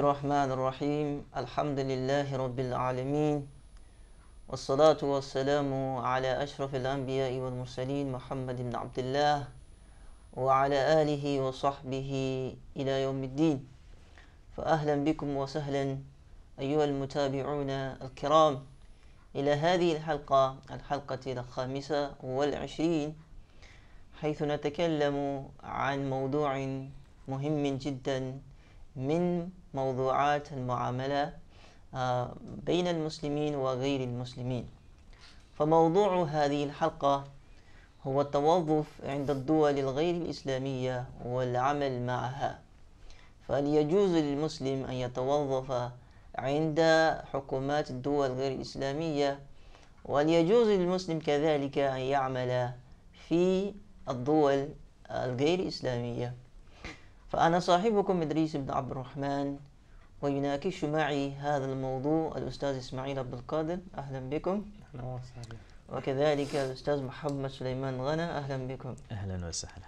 الرحمن الرحيم الحمد لله رب العالمين والصلاة والسلام على أشرف الأنبياء والمرسلين محمد بن عبد الله وعلى آله وصحبه إلى يوم الدين فأهلا بكم وسهلا أيها المتابعون الكرام إلى هذه الحلقة الحلقة الخامسة والعشرين حيث نتكلم عن موضوع مهم جدا من موضوعات المعاملة آه، بين المسلمين وغير المسلمين فموضوع هذه الحلقة هو التوظف عند الدول الغير الإسلامية والعمل معها فهل يجوز للمسلم أن يتوظف عند حكومات الدول غير الإسلامية وهل يجوز للمسلم كذلك أن يعمل في الدول الغير إسلامية فأنا صاحبكم إدريس بن عبد الرحمن ويناقش معي هذا الموضوع الأستاذ إسماعيل عبد القادر أهلا بكم أهلا وسهلا وكذلك الأستاذ محمد سليمان غنى أهلا بكم أهلا وسهلا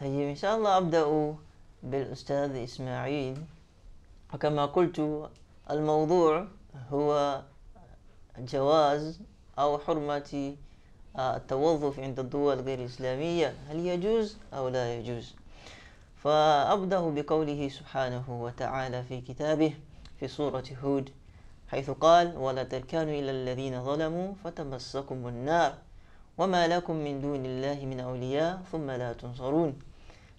طيب إن شاء الله أبدأ بالأستاذ إسماعيل وكما قلت الموضوع هو جواز أو حرمة آه، التوظف عند الدول غير الإسلامية هل يجوز أو لا يجوز فأبدأ بقوله سبحانه وتعالى في كتابه في سورة هود حيث قال ولا تركانوا إلى الذين ظلموا فتمسكم النار وما لكم من دون الله من أولياء ثم لا تنصرون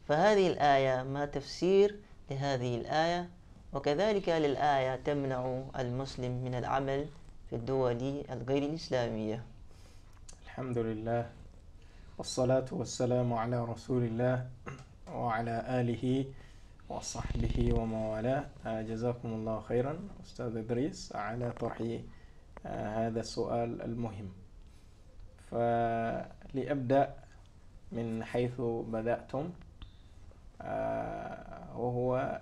فهذه الآية ما تفسير لهذه الآية وكذلك للآية تمنع المسلم من العمل في الدول الغير الإسلامية الحمد لله والصلاة والسلام على رسول الله وعلى آله وصحبه ومن والاه آه، جزاكم الله خيرا أستاذ إدريس على طرح آه، هذا السؤال المهم فلأبدأ من حيث بدأتم آه، وهو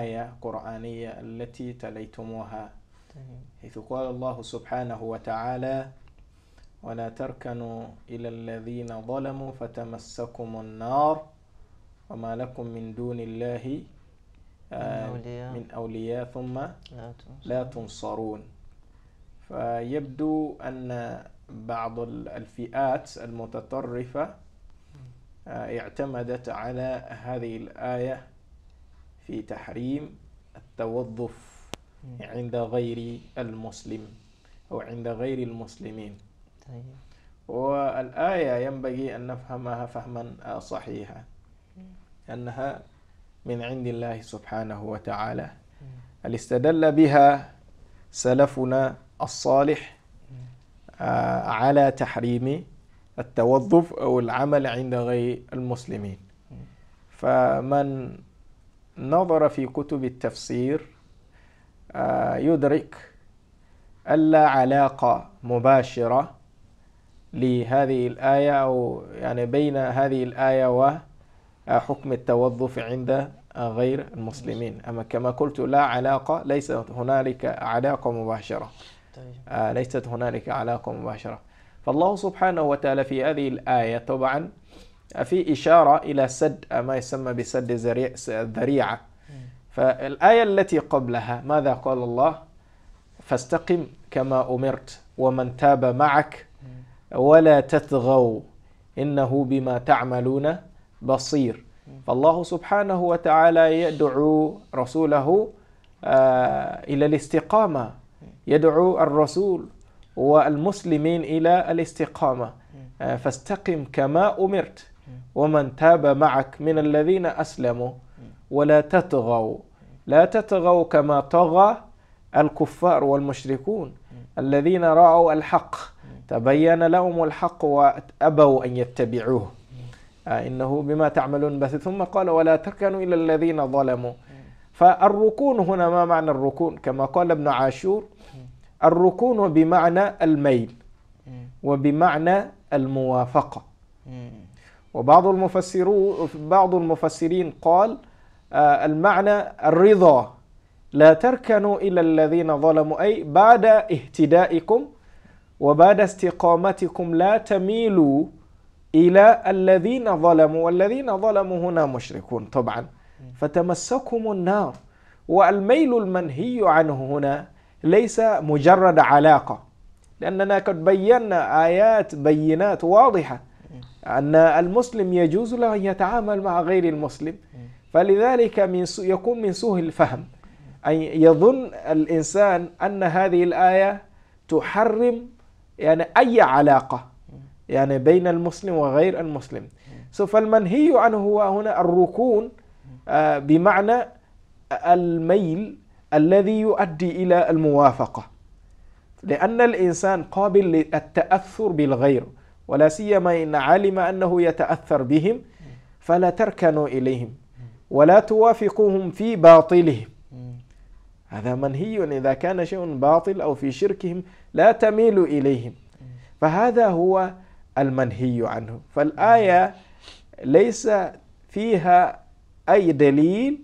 آية قرآنية التي تليتموها حيث قال الله سبحانه وتعالى ولا تركنوا إلى الذين ظلموا فتمسكم النار وما لكم من دون الله من آه، أولياء ثم لا تنصرون فيبدو أن بعض الفئات المتطرفة آه، اعتمدت على هذه الآية في تحريم التوظف عند غير المسلم أو عند غير المسلمين طيب. والآية ينبغي أن نفهمها فهما آه، صحيحا أنها من عند الله سبحانه وتعالى اللي استدل بها سلفنا الصالح آه، على تحريم التوظف أو العمل عند غير المسلمين فمن نظر في كتب التفسير آه، يدرك ألا علاقة مباشرة لهذه الآية أو يعني بين هذه الآية حكم التوظف عند غير المسلمين أما كما قلت لا علاقة ليست هنالك علاقة مباشرة طيب. آه، ليست هنالك علاقة مباشرة فالله سبحانه وتعالى في هذه الآية طبعا في إشارة إلى سد ما يسمى بسد الذريعة فالآية التي قبلها ماذا قال الله فاستقم كما أمرت ومن تاب معك ولا تتغوا إنه بما تعملون بصير فالله سبحانه وتعالى يدعو رسوله آه، إلى الاستقامة يدعو الرسول والمسلمين إلى الاستقامة آه، فاستقم كما أمرت ومن تاب معك من الذين أسلموا ولا تطغوا لا تطغوا كما طغى الكفار والمشركون الذين رأوا الحق تبين لهم الحق وأبوا أن يتبعوه إنه بما تعملون بس ثم قال ولا تركنوا إلى الذين ظلموا فالركون هنا ما معنى الركون كما قال ابن عاشور الركون بمعنى الميل وبمعنى الموافقة وبعض المفسرون بعض المفسرين قال آه، المعنى الرضا لا تركنوا إلى الذين ظلموا أي بعد اهتدائكم وبعد استقامتكم لا تميلوا إلى الذين ظلموا والذين ظلموا هنا مشركون طبعا فتمسكهم النار والميل المنهي عنه هنا ليس مجرد علاقة لأننا قد بينا آيات بينات واضحة أن المسلم يجوز له أن يتعامل مع غير المسلم فلذلك من يكون من سوء الفهم أن يظن الإنسان أن هذه الآية تحرم يعني أي علاقة يعني بين المسلم وغير المسلم سو فالمنهي عنه هو هنا الركون آه، بمعنى الميل الذي يؤدي إلى الموافقة لأن الإنسان قابل للتأثر بالغير ولا سيما إن علم أنه يتأثر بهم فلا تركنوا إليهم ولا توافقوهم في باطلهم هذا منهي إذا كان شيء باطل أو في شركهم لا تميل إليهم فهذا هو المنهي عنه فالآية ليس فيها أي دليل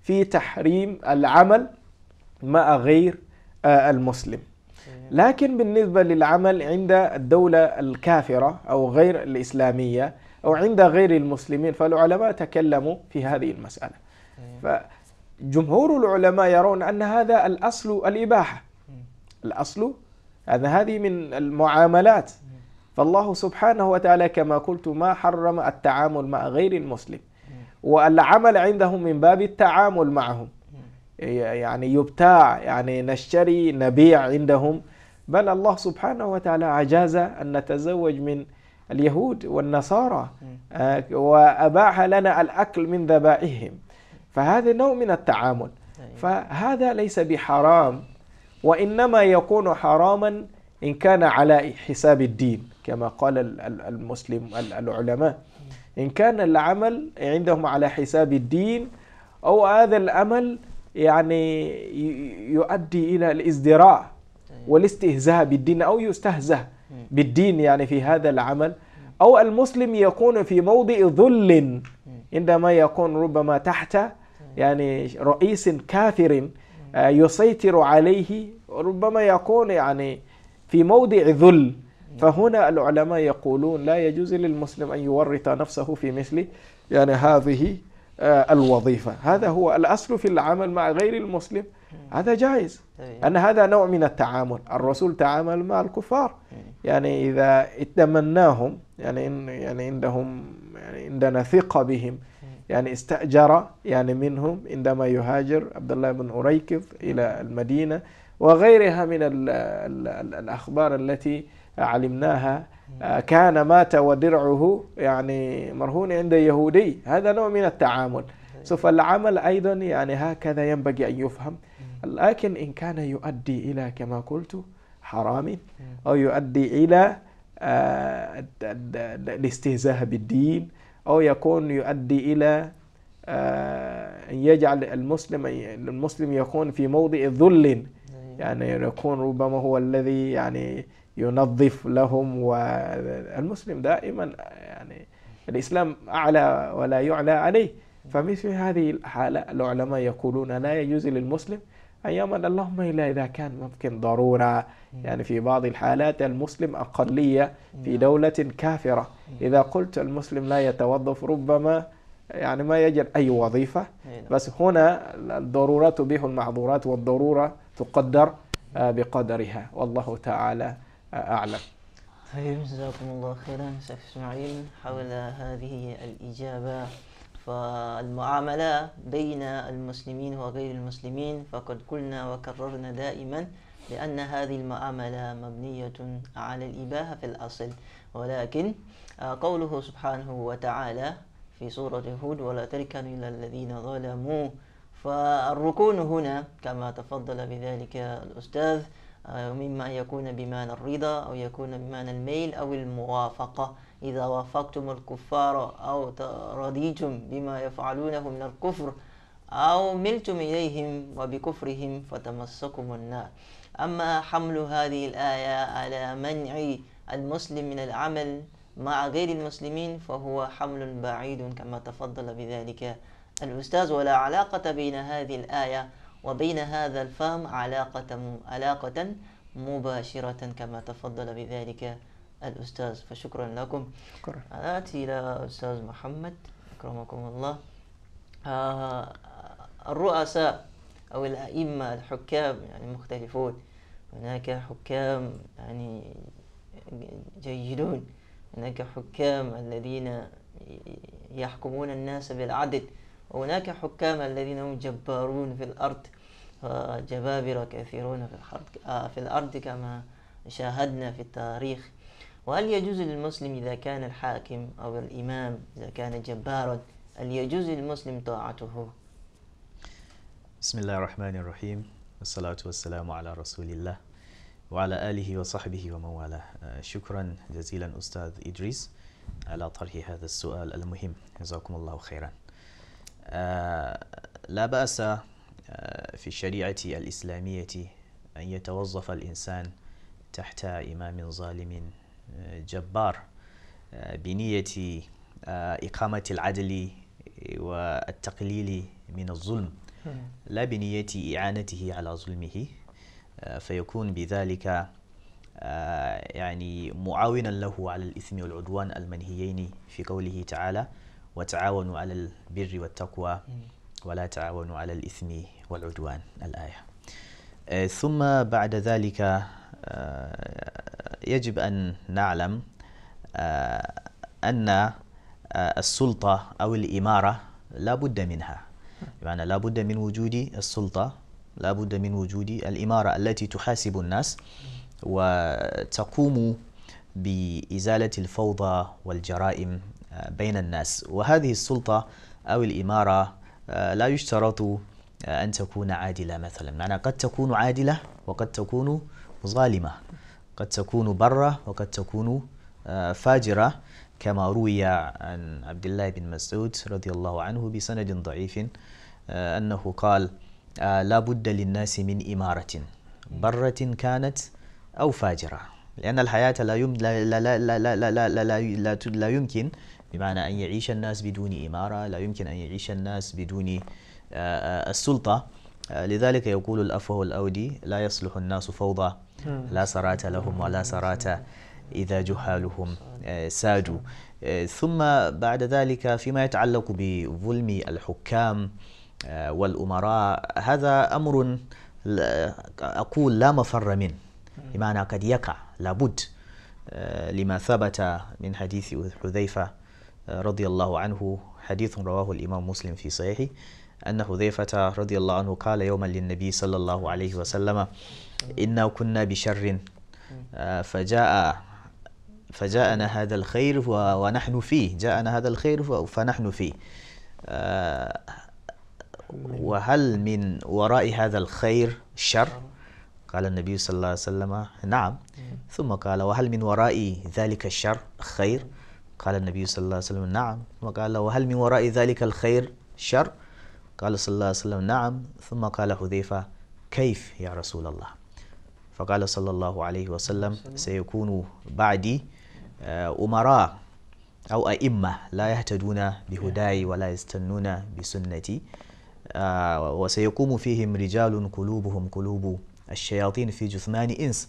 في تحريم العمل مع غير آه، المسلم لكن بالنسبة للعمل عند الدولة الكافرة أو غير الإسلامية أو عند غير المسلمين فالعلماء تكلموا في هذه المسألة فجمهور العلماء يرون أن هذا الأصل الإباحة الأصل هذا هذه من المعاملات فالله سبحانه وتعالى كما قلت ما حرم التعامل مع غير المسلم والعمل عندهم من باب التعامل معهم يعني يبتاع يعني نشتري نبيع عندهم بل الله سبحانه وتعالى عجاز أن نتزوج من اليهود والنصارى آه، وأباح لنا الأكل من ذبائهم فهذا نوع من التعامل أيوة. فهذا ليس بحرام وإنما يكون حراما إن كان على حساب الدين كما قال المسلم العلماء إن كان العمل عندهم على حساب الدين أو هذا الأمل يعني يؤدي إلى الازدراء والاستهزاء بالدين أو يستهزأ بالدين يعني في هذا العمل أو المسلم يكون في موضع ذل عندما يكون ربما تحت يعني رئيس كافر آه، يسيطر عليه ربما يكون يعني في موضع ذل فهنا العلماء يقولون لا يجوز للمسلم أن يورط نفسه في مثل يعني هذه آه، الوظيفة هذا هو الأصل في العمل مع غير المسلم هذا جائز إيه. أن هذا نوع من التعامل الرسول تعامل مع الكفار إيه. يعني إذا اتمناهم يعني يعني عندهم يعني عندنا ثقة بهم إيه. يعني استأجر يعني منهم عندما يهاجر عبد الله بن أريكض إلى المدينة وغيرها من الـ الـ الـ الأخبار التي علمناها آه، كان مات ودرعه يعني مرهون عند يهودي هذا نوع من التعامل سوف العمل أيضا يعني هكذا ينبغي أن يفهم لكن إن كان يؤدي إلى كما قلت حرام أو يؤدي إلى آه، الاستهزاء بالدين أو يكون يؤدي إلى آه، أن يجعل المسلم المسلم يكون في موضع ذل يعني يكون ربما هو الذي يعني ينظف لهم والمسلم دائما يعني الإسلام أعلى ولا يعلى عليه فمثل هذه الحالة العلماء يقولون لا يجوز للمسلم أن يعمل اللهم إلا إذا كان ممكن ضرورة يعني في بعض الحالات المسلم أقلية في نعم. دولة كافرة نعم. إذا قلت المسلم لا يتوظف ربما يعني ما يجد أي وظيفة نعم. بس هنا الضرورات تبيح المعذورات والضرورة تقدر آه، بقدرها والله تعالى آه، أعلم طيب جزاكم الله خيرا شيخ اسماعيل حول هذه الإجابة فالمعاملة بين المسلمين وغير المسلمين فقد قلنا وكررنا دائما لأن هذه المعاملة مبنية على الإباحة في الأصل ولكن آه، قوله سبحانه وتعالى في سورة هود ولا تركنوا إلى الذين ظلموا فالركون هنا كما تفضل بذلك الأستاذ آه، مما يكون بمعنى الرضا أو يكون بمعنى الميل أو الموافقة إذا وافقتم الكفار أو رضيتم بما يفعلونه من الكفر أو ملتم إليهم وبكفرهم فتمسكم النار أما حمل هذه الآية على منع المسلم من العمل مع غير المسلمين فهو حمل بعيد كما تفضل بذلك الأستاذ ولا علاقة بين هذه الآية وبين هذا الفهم علاقة علاقة مباشرة كما تفضل بذلك الأستاذ فشكرا لكم شكرا أنا أتي إلى أستاذ محمد أكرمكم الله آه الرؤساء أو الأئمة الحكام يعني مختلفون هناك حكام يعني جيدون هناك حكام الذين يحكمون الناس بالعدل هناك حكام الذين هم جبارون في الأرض جبابرة كثيرون في الأرض آه، في الأرض كما شاهدنا في التاريخ وهل يجوز للمسلم إذا كان الحاكم أو الإمام إذا كان جبارا هل يجوز للمسلم طاعته؟ بسم الله الرحمن الرحيم والصلاة والسلام على رسول الله وعلى آله وصحبه ومن والاه آه، شكرا جزيلا أستاذ إدريس على طرح هذا السؤال المهم جزاكم الله خيرا آه، لا بأس آه، في الشريعة الإسلامية أن يتوظف الإنسان تحت إمام ظالم آه، جبار بنية إقامة العدل والتقليل من الظلم لا بنية إعانته على ظلمه فيكون بذلك يعني معاونا له على الإثم والعدوان المنهيين في قوله تعالى وتعاونوا على البر والتقوى ولا تعاونوا على الإثم والعدوان الآية آه، ثم بعد ذلك آه، يجب أن نعلم آه، أن السلطة أو الإمارة لا بد منها يعني لا بد من وجود السلطة لا بد من وجود الإمارة التي تحاسب الناس وتقوم بإزالة الفوضى والجرائم بين الناس وهذه السلطة أو الإمارة لا يشترط أن تكون عادلة مثلا معنى قد تكون عادلة وقد تكون ظالمة قد تكون برة وقد تكون فاجرة كما روي عن عبد الله بن مسعود رضي الله عنه بسند ضعيف أنه قال لا بد للناس من إمارة برة كانت أو فاجرة لأن الحياة لا, لا, لا, لا, لا, لا, لا يمكن بمعنى أن يعيش الناس بدون إمارة لا يمكن أن يعيش الناس بدون آه، آه، السلطة آه، لذلك يقول الأفوه الأودي لا يصلح الناس فوضى لا سرات لهم ولا سرات إذا جهالهم سادوا ثم بعد ذلك فيما يتعلق بظلم الحكام والأمراء هذا أمر أقول لا مفر منه بمعنى قد يقع لابد لما ثبت من حديث حذيفة رضي الله عنه حديث رواه الإمام مسلم في صحيحه أن حذيفة رضي الله عنه قال يوما للنبي صلى الله عليه وسلم إنا كنا بشر آه، فجاء فجاءنا هذا الخير ونحن فيه جاءنا هذا الخير فنحن فيه آه، وهل من وراء هذا الخير شر قال النبي صلى الله عليه وسلم نعم ثم قال وهل من وراء ذلك الشر خير قال النبي صلى الله عليه وسلم نعم وقال وهل من وراء ذلك الخير شر قال صلى الله عليه وسلم نعم ثم قال حذيفة كيف يا رسول الله فقال صلى الله عليه وسلم سيكون بعدي آه، أمراء أو أئمة لا يهتدون بهداي ولا يستنون بسنتي آه، وسيقوم فيهم رجال قلوبهم قلوب الشياطين في جثمان إنس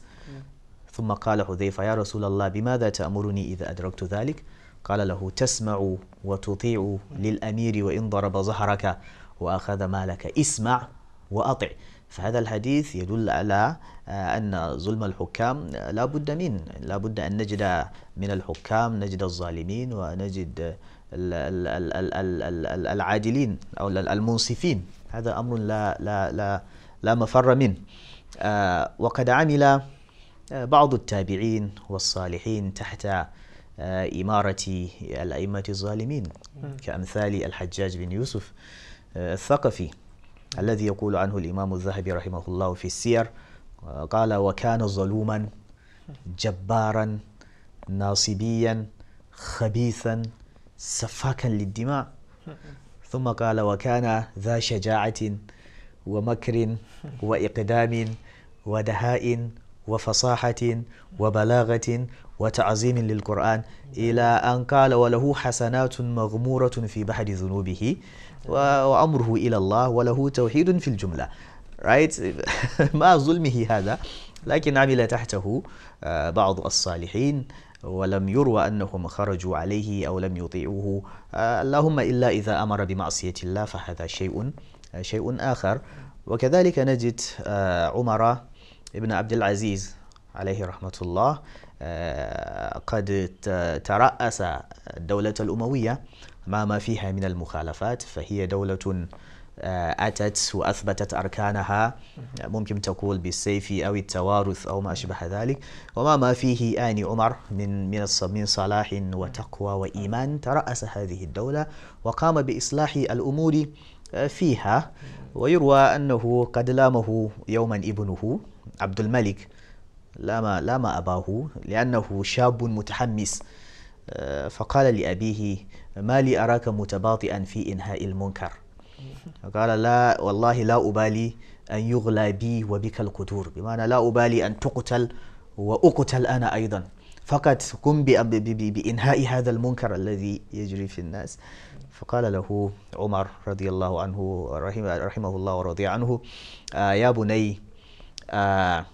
ثم قال حذيفة يا رسول الله بماذا تأمرني إذا أدركت ذلك؟ قال له تسمع وتطيع للأمير وإن ضرب ظهرك وأخذ مالك اسمع وأطع فهذا الحديث يدل على آه، أن ظلم الحكام لا بد منه لا بد أن نجد من الحكام نجد الظالمين ونجد العادلين أو المنصفين هذا أمر لا لا لا لا مفر منه آه، وقد عمل آه، بعض التابعين والصالحين تحت آه، إمارة الأئمة الظالمين كأمثال الحجاج بن يوسف آه، الثقفي الذي يقول عنه الإمام الذهبي رحمه الله في السير آه، قال وكان ظلوما جبارا ناصبيا خبيثا سفاكا للدماء ثم قال وكان ذا شجاعة ومكر وإقدام ودهاء وفصاحة وبلاغة وتعظيم للقرآن إلى أن قال وله حسنات مغمورة في بحر ذنوبه وأمره إلى الله وله توحيد في الجملة right مع ظلمه هذا لكن عمل تحته آه، بعض الصالحين ولم يروى أنهم خرجوا عليه أو لم يطيعوه آه، اللهم إلا إذا أمر بمعصية الله فهذا شيء آه، شيء آخر وكذلك نجد عمر ابن عبد العزيز عليه رحمة الله آه، قد ترأس الدولة الأموية ما ما فيها من المخالفات فهي دولة آه، أتت وأثبتت أركانها ممكن تقول بالسيف أو التوارث أو ما أشبه ذلك وما ما فيه آن عمر من من من صلاح وتقوى وإيمان ترأس هذه الدولة وقام بإصلاح الأمور آه، فيها ويروى أنه قد لامه يوما ابنه عبد الملك لا ما, لا ما أباه لأنه شاب متحمس آه، فقال لأبيه ما لي أراك متباطئا في إنهاء المنكر قال لا والله لا أبالي أن يغلى بي وبك القدور بمعنى لا أبالي أن تقتل وأقتل أنا أيضا فقط قم بإنهاء هذا المنكر الذي يجري في الناس فقال له عمر رضي الله عنه رحمه, الله ورضي عنه آه، يا بني آه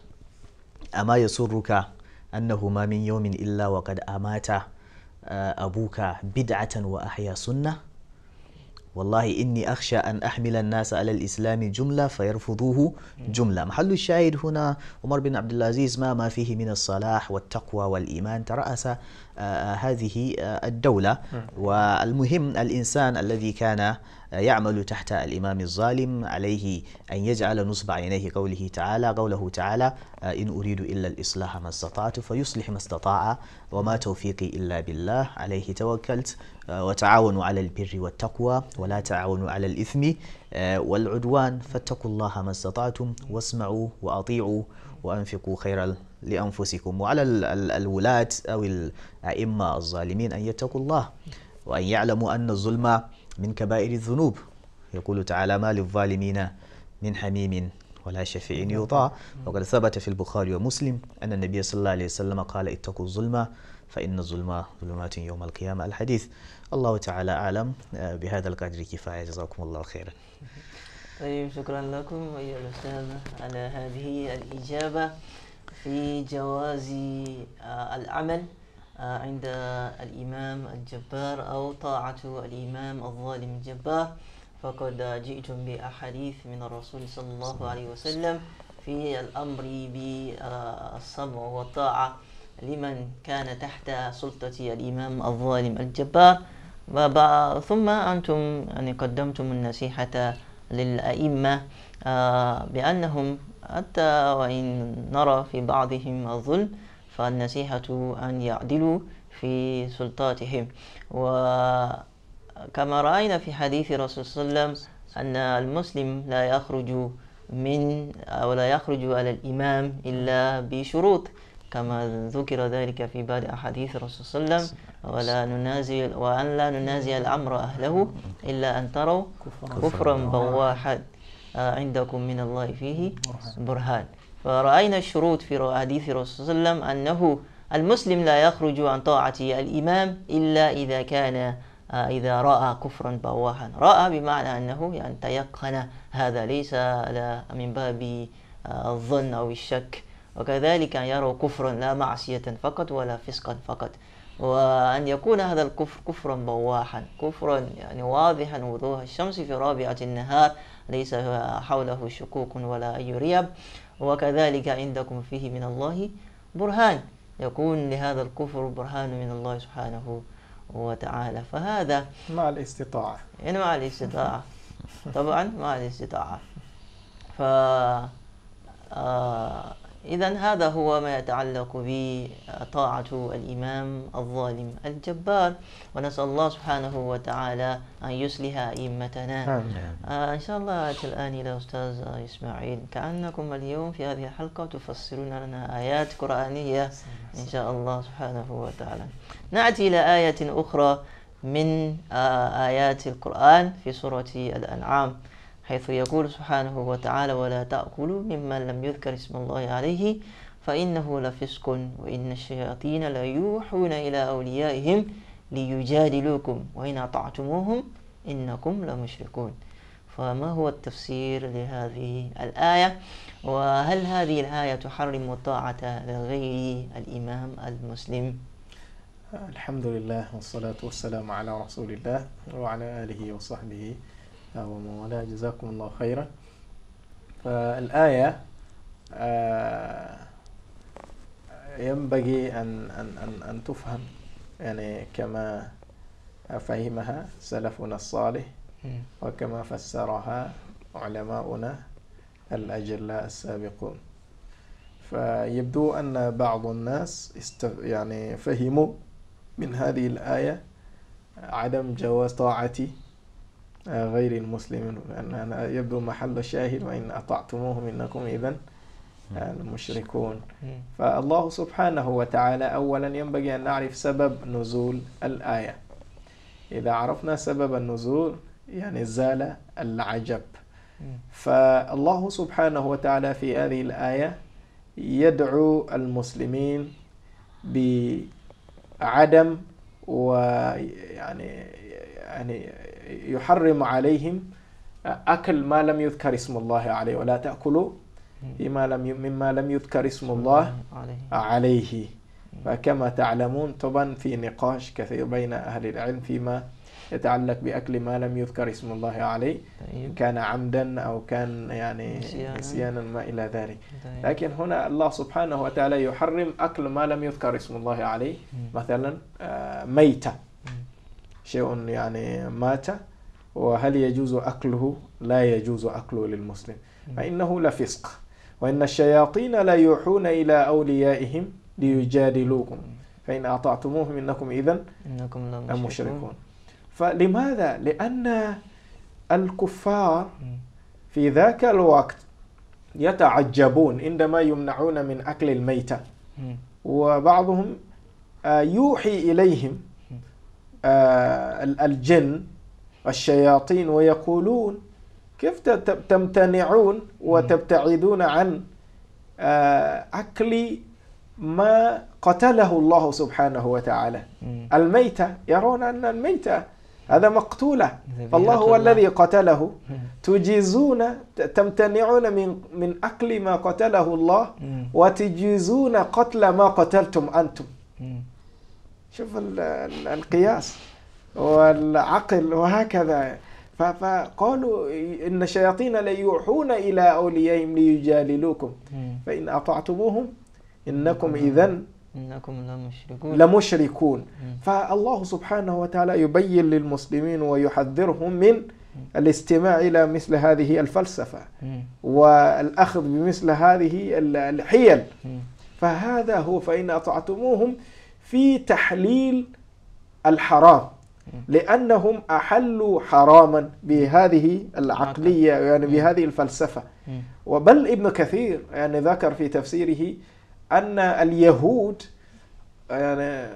أما يسرك أنه ما من يوم إلا وقد أمات آه، أبوك بدعة وأحيا سنة والله إني أخشى أن أحمل الناس على الإسلام جملة فيرفضوه جملة محل الشاهد هنا عمر بن عبد العزيز ما ما فيه من الصلاح والتقوى والإيمان ترأس آه، آه، هذه الدولة والمهم الإنسان الذي كان يعمل تحت الإمام الظالم عليه أن يجعل نصب عينيه قوله تعالى قوله تعالى آه، إن أريد إلا الإصلاح ما استطعت فيصلح ما استطاع وما توفيقي إلا بالله عليه توكلت آه، وتعاونوا على البر والتقوى ولا تعاونوا على الإثم آه، والعدوان فاتقوا الله ما استطعتم واسمعوا وأطيعوا وأنفقوا خيرا لأنفسكم وعلى الولاة أو الأئمة الظالمين أن يتقوا الله وأن يعلموا أن الظلم من كبائر الذنوب يقول تعالى ما للظالمين من حميم ولا شفيع يطاع وقد ثبت في البخاري ومسلم أن النبي صلى الله عليه وسلم قال اتقوا الظلم فإن الظلم ظلمات يوم القيامة الحديث الله تعالى أعلم آه، بهذا القدر كفاية جزاكم الله خيرا طيب شكرا لكم أيها الأستاذ على هذه الإجابة في جواز آه، العمل آه، عند الإمام الجبار أو طاعة الإمام الظالم الجبار فقد جئتم بأحاديث من الرسول صلى الله عليه وسلم في الأمر بالسمع والطاعة لمن كان تحت سلطة الإمام الظالم الجبار ثم أنتم يعني قدمتم النصيحة للأئمة آه، بأنهم حتى وإن نرى في بعضهم الظلم فالنصيحة أن يعدلوا في سلطاتهم وكما رأينا في حديث رسول صلى الله عليه وسلم أن المسلم لا يخرج من أو لا يخرج على الإمام إلا بشروط كما ذكر ذلك في بعض أحاديث الرسول صلى الله عليه وسلم ولا ننازل وأن لا ننازل الأمر أهله إلا أن تروا كفرا بواحا آه، عندكم من الله فيه برهان فرأينا الشروط في حديث الرسول صلى الله عليه وسلم أنه المسلم لا يخرج عن طاعة الإمام إلا إذا كان آه، إذا رأى كفرا بواحا رأى بمعنى أنه يعني تيقن هذا ليس من باب آه، الظن أو الشك وكذلك أن يروا كفرا لا معصية فقط ولا فسقا فقط وأن يكون هذا الكفر كفرا بواحا كفرا يعني واضحا وضوح الشمس في رابعة النهار ليس حوله شكوك ولا أي ريب وكذلك عندكم فيه من الله برهان يكون لهذا الكفر برهان من الله سبحانه وتعالى فهذا مع الاستطاعة يعني مع الاستطاعة طبعا مع الاستطاعة ف آه إذا هذا هو ما يتعلق بطاعة الإمام الظالم الجبار ونسأل الله سبحانه وتعالى أن يصلح أئمتنا آه إن شاء الله الآن إلى أستاذ إسماعيل كأنكم اليوم في هذه الحلقة تفسرون لنا آيات قرآنية إن شاء الله سبحانه وتعالى نأتي إلى آية أخرى من آه، آيات القرآن في سورة الأنعام حيث يقول سبحانه وتعالى ولا تأكلوا مما لم يذكر اسم الله عليه فإنه لفسق وإن الشياطين ليوحون إلى أوليائهم ليجادلوكم وإن أطعتموهم إنكم لمشركون فما هو التفسير لهذه الآية وهل هذه الآية تحرم الطاعة لغير الإمام المسلم الحمد لله والصلاة والسلام على رسول الله وعلى آله وصحبه ومن والاه جزاكم الله خيرا فالآية آه، آه، ينبغي أن أن أن أن تفهم يعني كما فهمها سلفنا الصالح وكما فسرها علماؤنا الأجلاء السابقون فيبدو أن بعض الناس استف... يعني فهموا من هذه الآية عدم جواز طاعتي غير المسلمين لأن يبدو محل الشاهد وإن أطعتموهم إنكم إذا المشركون فالله سبحانه وتعالى أولا ينبغي أن نعرف سبب نزول الآية إذا عرفنا سبب النزول يعني زال العجب فالله سبحانه وتعالى في هذه الآية يدعو المسلمين بعدم ويعني يعني يحرم عليهم أكل ما لم يذكر اسم الله عليه ولا تأكلوا مما لم مما لم يذكر اسم الله عليه فكما تعلمون طبعا في نقاش كثير بين أهل العلم فيما يتعلق بأكل ما لم يذكر اسم الله عليه طيب. كان عمدا أو كان يعني نسيانا ما إلى ذلك طيب. لكن هنا الله سبحانه وتعالى يحرم أكل ما لم يذكر اسم الله عليه مثلا آه، ميتة شيء يعني مات وهل يجوز أكله لا يجوز أكله للمسلم فإنه لفسق وإن الشياطين لا يوحون إلى أوليائهم ليجادلوكم فإن أطعتموهم إنكم إذا إنكم لمشركون فلماذا؟ لأن الكفار في ذاك الوقت يتعجبون عندما يمنعون من أكل الميتة وبعضهم آه، يوحي إليهم آه، الجن الشياطين ويقولون كيف تمتنعون وتبتعدون عن آه، أكل ما قتله الله سبحانه وتعالى الميتة يرون أن الميتة هذا مقتولة فالله هو الذي قتله تجيزون تمتنعون من من أكل ما قتله الله وتجيزون قتل ما قتلتم أنتم شوف القياس والعقل وهكذا فقالوا إن الشياطين ليوحون إلى أوليائهم ليجادلوكم فإن أطعتموهم إنكم إذا إنكم لمشركون لمشركون فالله سبحانه وتعالى يبين للمسلمين ويحذرهم من الاستماع إلى مثل هذه الفلسفة والأخذ بمثل هذه الحيل فهذا هو فإن أطعتموهم في تحليل الحرام لأنهم أحلوا حراما بهذه العقلية يعني بهذه الفلسفة وبل ابن كثير يعني ذكر في تفسيره أن اليهود يعني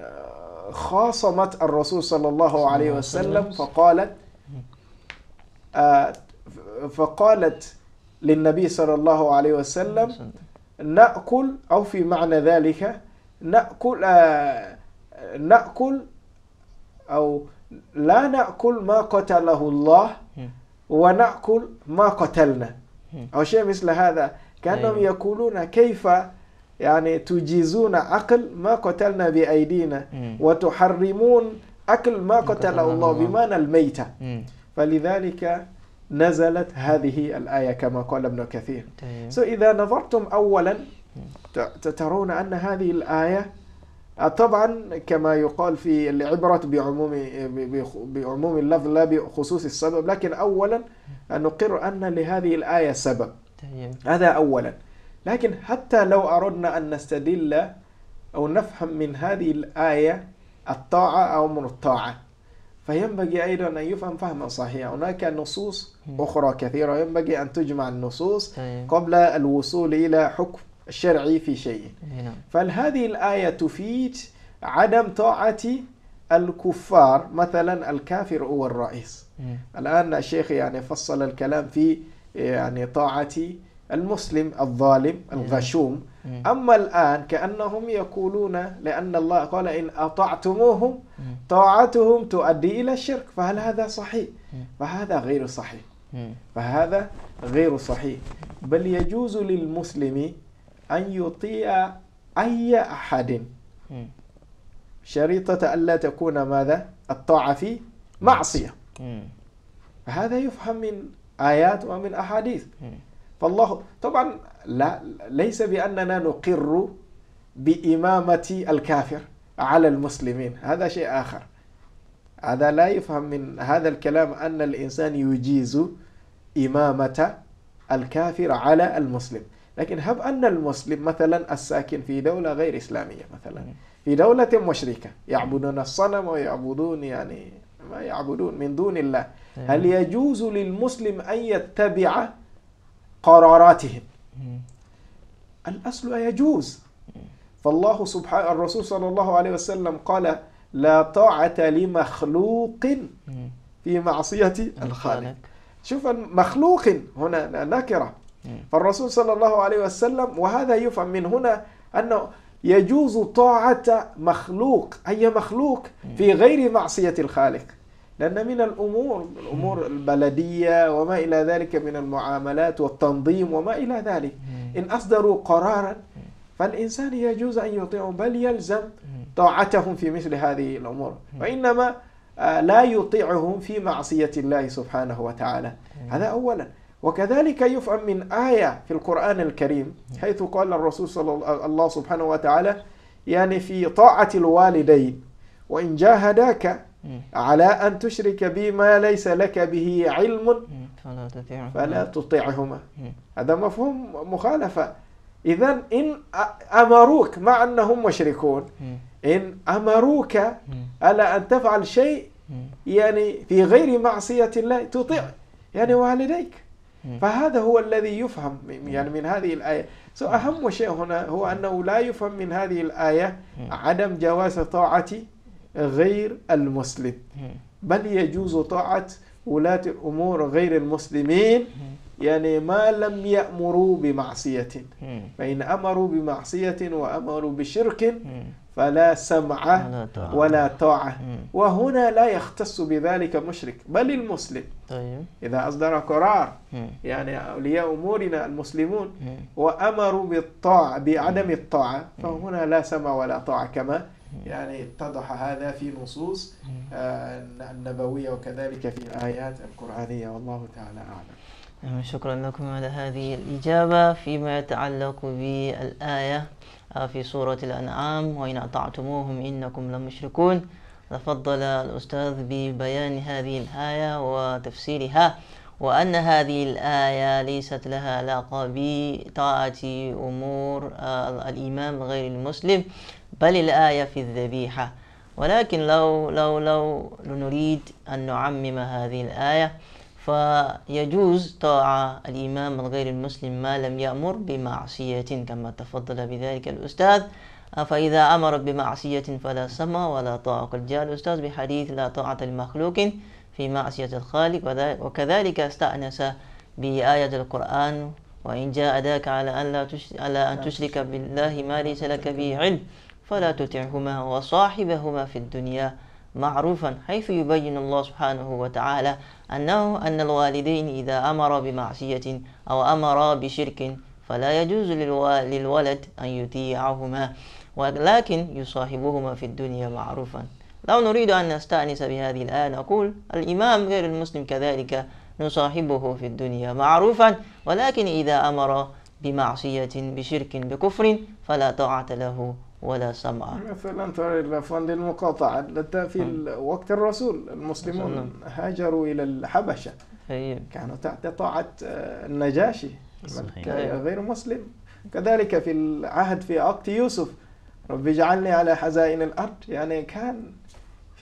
خاصمت الرسول صلى الله عليه وسلم فقالت آه، فقالت للنبي صلى الله عليه وسلم نأكل أو في معنى ذلك نأكل آه، نأكل أو لا نأكل ما قتله الله ونأكل ما قتلنا أو شيء مثل هذا كأنهم أيوة. يقولون كيف يعني تجيزون أكل ما قتلنا بأيدينا وتحرمون أكل ما قتل الله بمعنى الميتة فلذلك نزلت هذه الآية كما قال ابن كثير سو طيب. so إذا نظرتم أولا ترون أن هذه الآية طبعا كما يقال في العبرة بعموم بعموم اللفظ لا بخصوص السبب لكن أولا أن نقر أن لهذه الآية سبب طيب. هذا أولا لكن حتى لو أردنا أن نستدل أو نفهم من هذه الآية الطاعة أو من الطاعة فينبغي أيضا أن يفهم فهما صحيحا هناك نصوص أخرى كثيرة ينبغي أن تجمع النصوص طيب. قبل الوصول إلى حكم الشرعي في شيء نعم فهذه الآية تفيد عدم طاعة الكفار مثلا الكافر هو الرئيس الآن الشيخ يعني فصل الكلام في يعني طاعة المسلم الظالم نعم. الغشوم أما الآن كأنهم يقولون لأن الله قال إن أطعتموهم طاعتهم تؤدي إلى الشرك فهل هذا صحيح؟ فهذا غير صحيح فهذا غير صحيح بل يجوز للمسلم أن يطيع أي أحد شريطة ألا تكون ماذا الطاعة في معصية هذا يفهم من آيات ومن أحاديث فالله طبعا لا ليس بأننا نقر بإمامة الكافر على المسلمين هذا شيء آخر هذا لا يفهم من هذا الكلام أن الإنسان يجيز إمامة الكافر على المسلم لكن هب أن المسلم مثلا الساكن في دولة غير إسلامية مثلا نعم. في دولة مشركة يعبدون الصنم ويعبدون يعني ما يعبدون من دون الله نعم. هل يجوز للمسلم أن يتبع قراراتهم نعم. الأصل يجوز فالله سبحانه الرسول صلى الله عليه وسلم قال لا طاعة لمخلوق في معصية الخالق شوف مخلوق هنا نكرة فالرسول صلى الله عليه وسلم وهذا يفهم من هنا أنه يجوز طاعة مخلوق أي مخلوق في غير معصية الخالق لأن من الأمور الأمور البلدية وما إلى ذلك من المعاملات والتنظيم وما إلى ذلك إن أصدروا قرارا فالإنسان يجوز أن يطيعهم بل يلزم طاعتهم في مثل هذه الأمور وإنما آه، لا يطيعهم في معصية الله سبحانه وتعالى هذا أولا وكذلك يفهم من آية في القرآن الكريم حيث قال الرسول صلى الله سبحانه وتعالى يعني في طاعة الوالدين وإن جاهداك على أن تشرك بما ليس لك به علم فلا تطيعهما, فلا تطيعهما. هذا مفهوم مخالفة إذا إن أمروك مع أنهم مشركون إن أمروك على أن تفعل شيء يعني في غير معصية الله تطيع يعني والديك فهذا هو الذي يفهم يعني من هذه الآية سو أهم شيء هنا هو أنه لا يفهم من هذه الآية عدم جواز طاعة غير المسلم بل يجوز طاعة ولاة الأمور غير المسلمين يعني ما لم يأمروا بمعصية فإن أمروا بمعصية وأمروا بشرك فلا سمع ولا طاعة وهنا لا يختص بذلك مشرك بل المسلم طيب. إذا أصدر قرار يعني أولياء أمورنا المسلمون وأمروا بالطاعة بعدم الطاعة فهنا لا سمع ولا طاعة كما يعني اتضح هذا في نصوص آه، النبوية وكذلك في الآيات القرآنية والله تعالى أعلم نعم، شكرا لكم على هذه الإجابة فيما يتعلق بالآية آه، في سورة الأنعام وإن أطعتموهم إنكم لمشركون تفضل الأستاذ ببيان هذه الآية وتفسيرها وأن هذه الآية ليست لها علاقة بطاعة أمور آه، الإمام غير المسلم بل الآية في الذبيحة ولكن لو لو لو نريد أن نعمم هذه الآية فيجوز طاعة الإمام الغير المسلم ما لم يأمر بمعصية كما تفضل بذلك الأستاذ فإذا أمر بمعصية فلا سمع ولا طاعة قد جاء الأستاذ بحديث لا طاعة لمخلوق في معصية الخالق وكذلك استأنس بآية القرآن وإن جاء ذاك على أن لا على أن تشرك بالله ما ليس لك به علم فلا تطعهما وصاحبهما في الدنيا معروفا حيث يبين الله سبحانه وتعالى أنه أن الوالدين إذا أمر بمعصية أو أمر بشرك فلا يجوز للولد أن يطيعهما ولكن يصاحبهما في الدنيا معروفا لو نريد أن نستأنس بهذه الآية نقول الإمام غير المسلم كذلك نصاحبه في الدنيا معروفا ولكن إذا أمر بمعصية بشرك بكفر فلا طاعة له ولا سمع مثلا ترى الافلام المقاطعه في وقت الرسول المسلمون هاجروا الى الحبشه أيوة. كانوا تحت طاعه آه، النجاشي أيوة. غير مسلم كذلك في العهد في عقد يوسف رب اجعلني على حزائن الارض يعني كان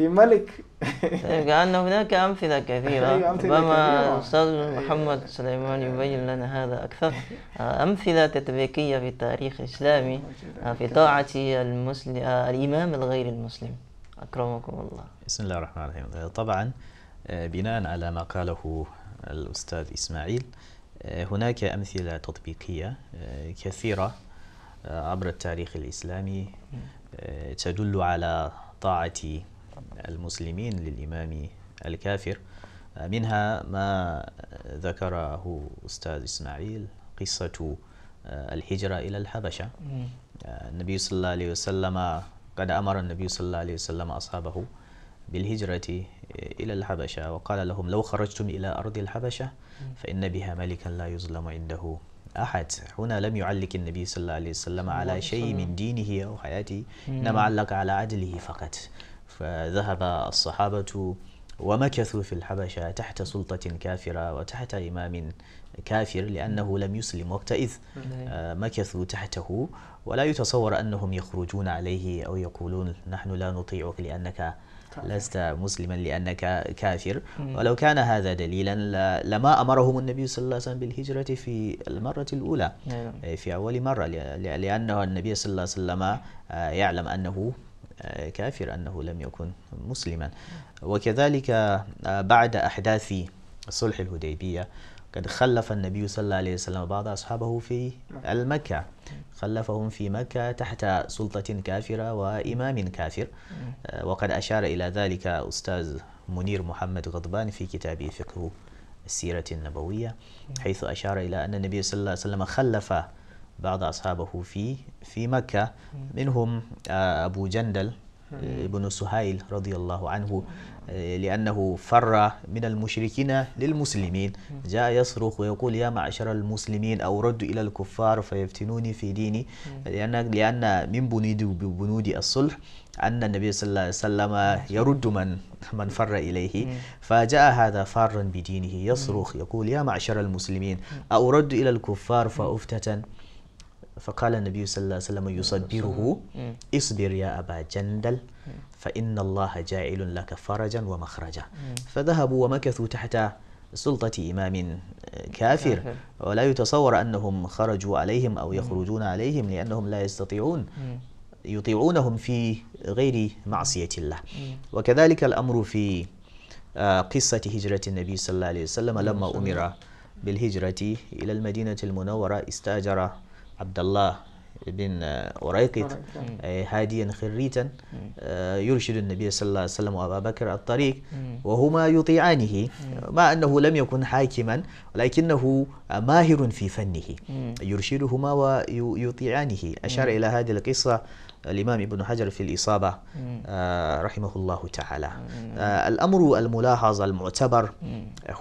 في ملك إيه، كأن هناك أمثلة كثيرة ربما أيوة، أستاذ محمد سليمان يبين لنا هذا أكثر آه، أمثلة تطبيقية في التاريخ الإسلامي آه، في طاعة المسلم آه، الإمام الغير المسلم أكرمكم الله بسم الله الرحمن الرحيم طبعا بناء على ما قاله الأستاذ إسماعيل هناك أمثلة تطبيقية كثيرة عبر التاريخ الإسلامي تدل على طاعة المسلمين للإمام الكافر منها ما ذكره أستاذ إسماعيل قصة آه، الهجرة إلى الحبشة آه، النبي صلى الله عليه وسلم قد أمر النبي صلى الله عليه وسلم أصحابه بالهجرة آه، إلى الحبشة وقال لهم لو خرجتم إلى أرض الحبشة فإن بها ملكا لا يظلم عنده أحد هنا لم يعلق النبي صلى الله عليه وسلم على شيء من دينه أو حياته إنما علق على عدله فقط فذهب الصحابة ومكثوا في الحبشة تحت سلطة كافرة وتحت إمام كافر لأنه لم يسلم وقتئذ آه، مكثوا تحته ولا يتصور أنهم يخرجون عليه أو يقولون نحن لا نطيعك لأنك لست مسلما لأنك كافر ولو كان هذا دليلا لما أمرهم النبي صلى الله عليه وسلم بالهجرة في المرة الأولى نعم. آه، في أول مرة لأن النبي صلى الله عليه وسلم آه، يعلم أنه آه، كافر أنه لم يكن مسلما وكذلك آه، بعد أحداث صلح الهديبية قد خلف النبي صلى الله عليه وسلم بعض أصحابه في المكة خلفهم في مكة تحت سلطة كافرة وإمام كافر آه، وقد أشار إلى ذلك أستاذ منير محمد غضبان في كتابه فقه السيرة النبوية حيث أشار إلى أن النبي صلى الله عليه وسلم خلف بعض أصحابه في في مكة منهم آه، أبو جندل آه، ابن سهيل رضي الله عنه آه، لأنه فر من المشركين للمسلمين جاء يصرخ ويقول يا معشر المسلمين أو رد إلى الكفار فيفتنوني في ديني لأن, لأن من بنود بنود الصلح أن النبي صلى الله عليه وسلم يرد من من فر إليه فجاء هذا فارا بدينه يصرخ يقول يا معشر المسلمين أو رد إلى الكفار فأفتتن فقال النبي صلى الله عليه وسلم يصبره اصبر يا أبا جندل فإن الله جائل لك فرجا ومخرجا فذهبوا ومكثوا تحت سلطة إمام آه، كافر ولا يتصور أنهم خرجوا عليهم أو يخرجون عليهم لأنهم لا يستطيعون يطيعونهم في غير معصية الله وكذلك الأمر في آه، قصة هجرة النبي صلى الله عليه وسلم لما أمر بالهجرة إلى المدينة المنورة استأجر عبد الله بن أريقط هاديا خريتا آه، يرشد النبي صلى الله عليه وسلم وأبا بكر الطريق وهما يطيعانه مع أنه لم يكن حاكما ولكنه ماهر في فنه يرشدهما ويطيعانه أشار إلى هذه القصة الإمام ابن حجر في الإصابة آه، رحمه الله تعالى آه، الأمر الملاحظ المعتبر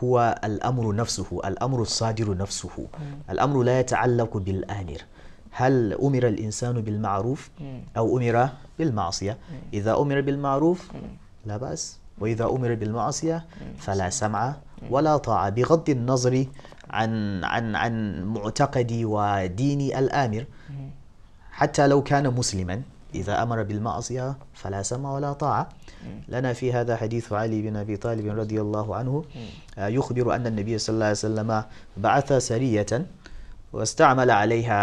هو الأمر نفسه الأمر الصادر نفسه الأمر لا يتعلق بالآمر هل أمر الإنسان بالمعروف أو أمر بالمعصية إذا أمر بالمعروف لا بأس وإذا أمر بالمعصية فلا سمع ولا طاعة بغض النظر عن عن عن معتقدي وديني الآمر حتى لو كان مسلما إذا أمر بالمعصية فلا سمع ولا طاعة لنا في هذا حديث علي بن أبي طالب رضي الله عنه آه، يخبر أن النبي صلى الله عليه وسلم بعث سرية واستعمل عليها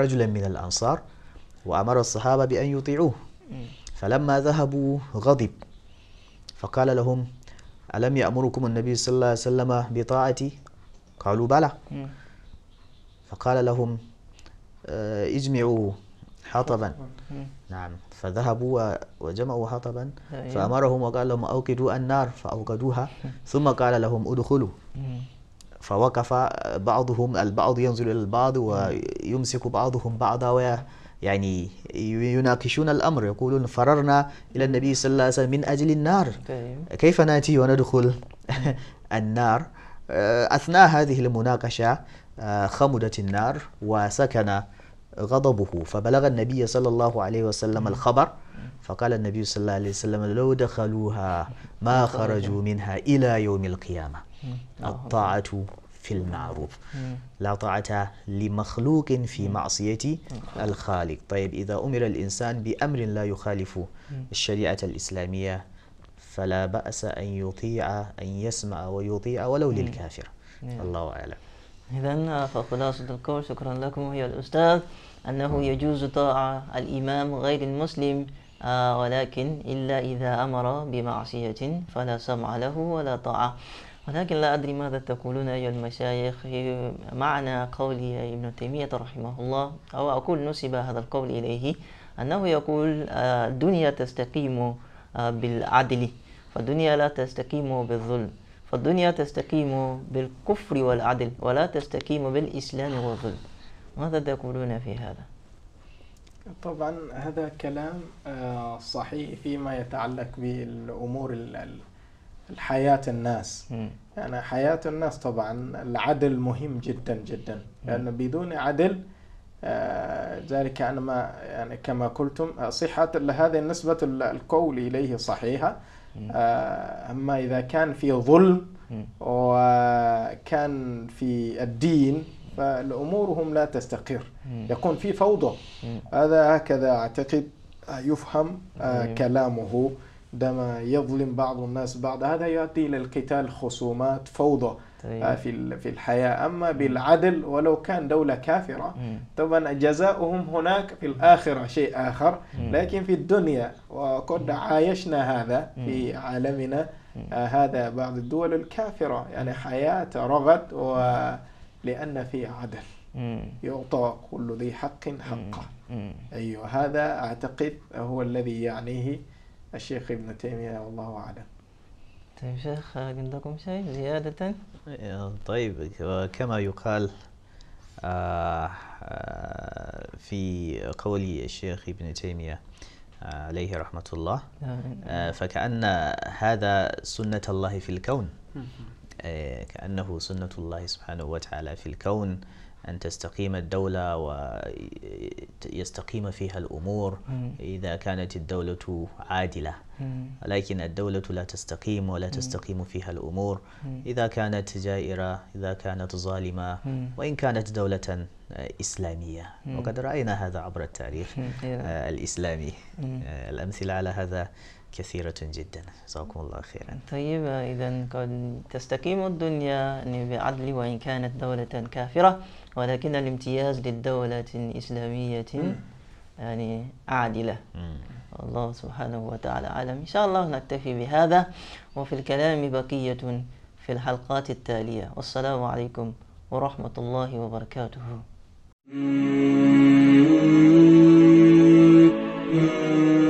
رجلا من الأنصار وأمر الصحابة بأن يطيعوه فلما ذهبوا غضب فقال لهم ألم يأمركم النبي صلى الله عليه وسلم بطاعتي قالوا بلى فقال لهم آه، اجمعوا حطبا نعم فذهبوا وجمعوا حطبا أيوة. فأمرهم وقال لهم أوقدوا النار فأوقدوها ثم قال لهم ادخلوا فوقف بعضهم البعض ينزل إلى البعض ويمسك بعضهم بعضا ويا يعني يناقشون الأمر يقولون فررنا إلى النبي صلى الله عليه وسلم من أجل النار طيب. كيف نأتي وندخل النار آه، أثناء هذه المناقشة آه، خمدت النار وسكن غضبه فبلغ النبي صلى الله عليه وسلم الخبر فقال النبي صلى الله عليه وسلم لو دخلوها ما خرجوا منها إلى يوم القيامة الطاعة في المعروف لا طاعة لمخلوق في معصية الخالق طيب إذا أمر الإنسان بأمر لا يخالف الشريعة الإسلامية فلا بأس أن يطيع أن يسمع ويطيع ولو للكافر الله أعلم إذا آه، فخلاصة القول شكرا لكم أيها الأستاذ أنه يجوز طاعة الإمام غير المسلم آه ولكن إلا إذا أمر بمعصية فلا سمع له ولا طاعة ولكن لا أدري ماذا تقولون أيها المشايخ معنى قول ابن تيمية رحمه الله أو أقول نسب هذا القول إليه أنه يقول آه، الدنيا تستقيم آه، بالعدل فالدنيا لا تستقيم بالظلم فالدنيا تستقيم بالكفر والعدل ولا تستقيم بالإسلام والظلم ماذا تقولون في هذا؟ طبعا هذا كلام آه، صحيح فيما يتعلق بالأمور الحياة الناس م. يعني حياة الناس طبعا العدل مهم جدا جدا لأن يعني بدون عدل آه، ذلك أنا ما يعني كما قلتم صحة هذه نسبة القول إليه صحيحة آه، أما إذا كان في ظلم وكان في الدين فالأمورهم لا تستقر يكون في فوضى هذا هكذا أعتقد يفهم آه، أيوه. كلامه عندما يظلم بعض الناس بعض هذا يؤدي إلى القتال خصومات فوضى طيب. آه، في في الحياه اما بالعدل ولو كان دوله كافره طبعا جزاؤهم هناك في الاخره شيء اخر لكن في الدنيا وقد عايشنا هذا في عالمنا آه، هذا بعض الدول الكافره يعني حياه رغد ولان في عدل يعطى كل ذي حق حقه ايوه هذا اعتقد هو الذي يعنيه الشيخ ابن تيميه والله اعلم طيب شيخ عندكم شيء زياده طيب كما يقال آه، آه، في قول الشيخ ابن تيمية آه، عليه رحمة الله فكأن هذا سنة الله في الكون كأنه سنة الله سبحانه وتعالى في الكون أن تستقيم الدولة ويستقيم فيها الأمور إذا كانت الدولة عادلة لكن الدولة لا تستقيم ولا تستقيم فيها الأمور إذا كانت جائرة إذا كانت ظالمة وإن كانت دولة إسلامية وقد رأينا هذا عبر التاريخ إيه. آه، الإسلامي آه، الأمثلة على هذا كثيرة جدا جزاكم الله خيرا طيب إذا قد تستقيم الدنيا بعدل وإن كانت دولة كافرة ولكن الامتياز للدولة الإسلامية يعني عادلة الله سبحانه وتعالى أعلم إن شاء الله نكتفي بهذا وفي الكلام بقية في الحلقات التالية والسلام عليكم ورحمة الله وبركاته hmm